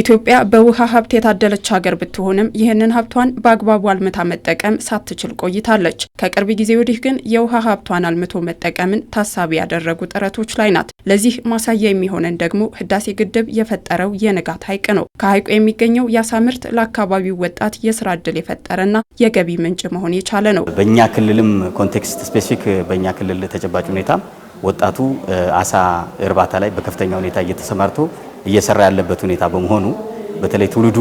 ኢትዮጵያ በውሃ ሀብት የታደለች ሀገር ብትሆንም ይህንን ሀብቷን በአግባቡ አልምታ መጠቀም ሳትችል ቆይታለች። ከቅርብ ጊዜ ወዲህ ግን የውሃ ሀብቷን አልምቶ መጠቀምን ታሳቢ ያደረጉ ጥረቶች ላይ ናት። ለዚህ ማሳያ የሚሆነን ደግሞ ህዳሴ ግድብ የፈጠረው የንጋት ሀይቅ ነው። ከሀይቁ የሚገኘው የአሳ ምርት ለአካባቢው ወጣት የስራ እድል የፈጠረና የገቢ ምንጭ መሆን የቻለ ነው። በእኛ ክልልም ኮንቴክስት ስፔሲፊክ በእኛ ክልል ተጨባጭ ሁኔታ ወጣቱ አሳ እርባታ ላይ በከፍተኛ ሁኔታ እየተሰማርቶ እየሰራ ያለበት ሁኔታ በመሆኑ በተለይ ትውልዱ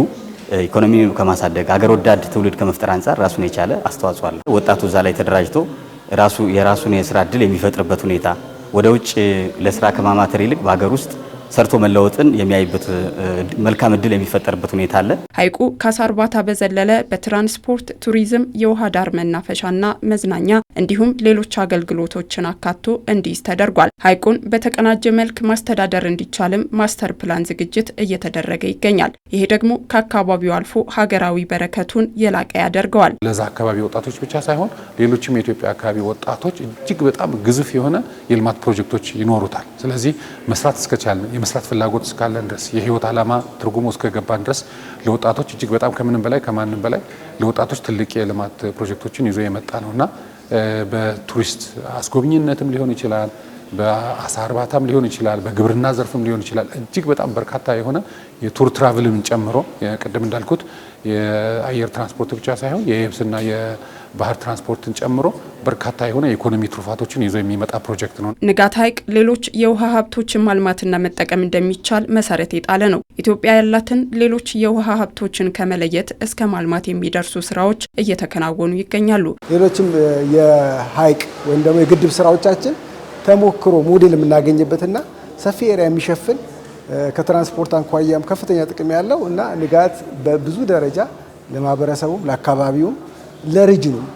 ኢኮኖሚ ከማሳደግ ሀገር ወዳድ ትውልድ ከመፍጠር አንጻር ራሱን የቻለ አስተዋጽኦ አለ። ወጣቱ እዛ ላይ ተደራጅቶ ራሱ የራሱን የስራ እድል የሚፈጥርበት ሁኔታ ወደ ውጭ ለስራ ከማማተር ይልቅ በሀገር ውስጥ ሰርቶ መለወጥን የሚያይበት መልካም እድል የሚፈጠርበት ሁኔታ አለ። ሐይቁ ከአሳ እርባታ በዘለለ በትራንስፖርት ቱሪዝም፣ የውሃ ዳር መናፈሻና መዝናኛ እንዲሁም ሌሎች አገልግሎቶችን አካቶ እንዲይዝ ተደርጓል። ሐይቁን በተቀናጀ መልክ ማስተዳደር እንዲቻልም ማስተር ፕላን ዝግጅት እየተደረገ ይገኛል። ይሄ ደግሞ ከአካባቢው አልፎ ሀገራዊ በረከቱን የላቀ ያደርገዋል። ለዛ አካባቢ ወጣቶች ብቻ ሳይሆን ሌሎችም የኢትዮጵያ አካባቢ ወጣቶች እጅግ በጣም ግዙፍ የሆነ የልማት ፕሮጀክቶች ይኖሩታል። ስለዚህ መስራት እስከቻለ። የመስራት ፍላጎት እስካለን ድረስ የህይወት ዓላማ ትርጉሙ እስከገባን ድረስ ለወጣቶች እጅግ በጣም ከምንም በላይ ከማንም በላይ ለወጣቶች ትልቅ የልማት ፕሮጀክቶችን ይዞ የመጣ ነው እና በቱሪስት አስጎብኝነትም ሊሆን ይችላል በአሳ እርባታም ሊሆን ይችላል፣ በግብርና ዘርፍም ሊሆን ይችላል። እጅግ በጣም በርካታ የሆነ የቱር ትራቭልን ጨምሮ ቅድም እንዳልኩት የአየር ትራንስፖርት ብቻ ሳይሆን የየብስና የባህር ትራንስፖርትን ጨምሮ በርካታ የሆነ የኢኮኖሚ ትሩፋቶችን ይዞ የሚመጣ ፕሮጀክት ነው። ንጋት ሐይቅ ሌሎች የውሃ ሀብቶችን ማልማትና መጠቀም እንደሚቻል መሰረት የጣለ ነው። ኢትዮጵያ ያላትን ሌሎች የውሃ ሀብቶችን ከመለየት እስከ ማልማት የሚደርሱ ስራዎች እየተከናወኑ ይገኛሉ። ሌሎችም የሀይቅ ወይም ደግሞ የግድብ ስራዎቻችን ተሞክሮ ሞዴል የምናገኝበትና ሰፊ ኤሪያ የሚሸፍን ከትራንስፖርት አንኳያም ከፍተኛ ጥቅም ያለው እና ንጋት በብዙ ደረጃ ለማህበረሰቡም ለአካባቢውም ለሪጅኑም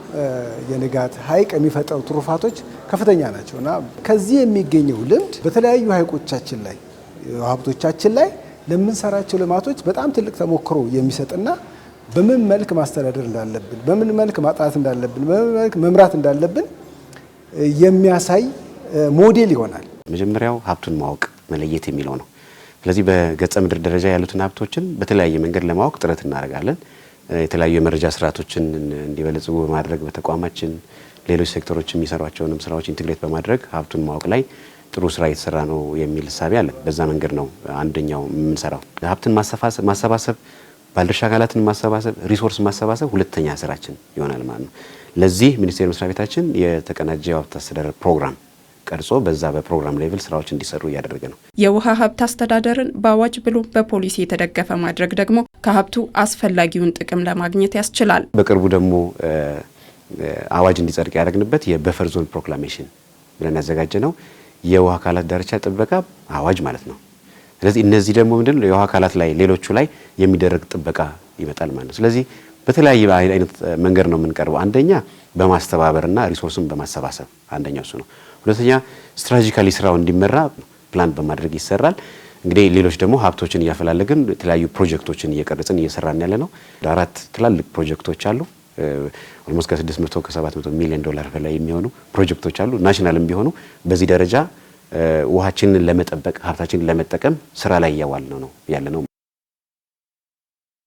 የንጋት ሀይቅ የሚፈጠሩ ትሩፋቶች ከፍተኛ ናቸው እና ከዚህ የሚገኘው ልምድ በተለያዩ ሀይቆቻችን ላይ ሀብቶቻችን ላይ ለምንሰራቸው ልማቶች በጣም ትልቅ ተሞክሮ የሚሰጥና በምን መልክ ማስተዳደር እንዳለብን፣ በምን መልክ ማጥራት እንዳለብን፣ በምን መልክ መምራት እንዳለብን የሚያሳይ ሞዴል ይሆናል። መጀመሪያው ሀብቱን ማወቅ መለየት የሚለው ነው። ስለዚህ በገጸ ምድር ደረጃ ያሉትን ሀብቶችን በተለያየ መንገድ ለማወቅ ጥረት እናደርጋለን። የተለያዩ የመረጃ ስርዓቶችን እንዲበለጽጉ በማድረግ በተቋማችን ሌሎች ሴክተሮች የሚሰሯቸውንም ስራዎች ኢንትግሬት በማድረግ ሀብቱን ማወቅ ላይ ጥሩ ስራ የተሰራ ነው የሚል እሳቤ አለን። በዛ መንገድ ነው አንደኛው የምንሰራው። ሀብትን ማሰባሰብ፣ ባለድርሻ አካላትን ማሰባሰብ፣ ሪሶርስ ማሰባሰብ ሁለተኛ ስራችን ይሆናል ማለት ነው። ለዚህ ሚኒስቴር መስሪያ ቤታችን የተቀናጀ ሀብት አስተዳደር ፕሮግራም ቀርጾ በዛ በፕሮግራም ሌቭል ስራዎች እንዲሰሩ እያደረገ ነው። የውሃ ሀብት አስተዳደርን በአዋጅ ብሎ በፖሊሲ የተደገፈ ማድረግ ደግሞ ከሀብቱ አስፈላጊውን ጥቅም ለማግኘት ያስችላል። በቅርቡ ደግሞ አዋጅ እንዲጸድቅ ያደረግንበት የበፈር ዞን ፕሮክላሜሽን ብለን ያዘጋጀ ነው የውሃ አካላት ዳርቻ ጥበቃ አዋጅ ማለት ነው። ስለዚህ እነዚህ ደግሞ ምንድን ነው የውሃ አካላት ላይ ሌሎቹ ላይ የሚደረግ ጥበቃ ይመጣል ማለት ነው። ስለዚህ በተለያየ አይነት መንገድ ነው የምንቀርበው። አንደኛ በማስተባበርና ሪሶርስን በማሰባሰብ አንደኛው እሱ ነው። ሁለተኛ ስትራቴጂካሊ ስራው እንዲመራ ፕላን በማድረግ ይሰራል። እንግዲህ ሌሎች ደግሞ ሀብቶችን እያፈላለግን የተለያዩ ፕሮጀክቶችን እየቀረጽን እየሰራን ያለ ነው። አራት ትላልቅ ፕሮጀክቶች አሉ። ኦልሞስት ከ600 ከ700 ሚሊዮን ዶላር በላይ የሚሆኑ ፕሮጀክቶች አሉ። ናሽናልም ቢሆኑ በዚህ ደረጃ ውሃችንን ለመጠበቅ ሀብታችንን ለመጠቀም ስራ ላይ እያዋል ነው ነው ያለ ነው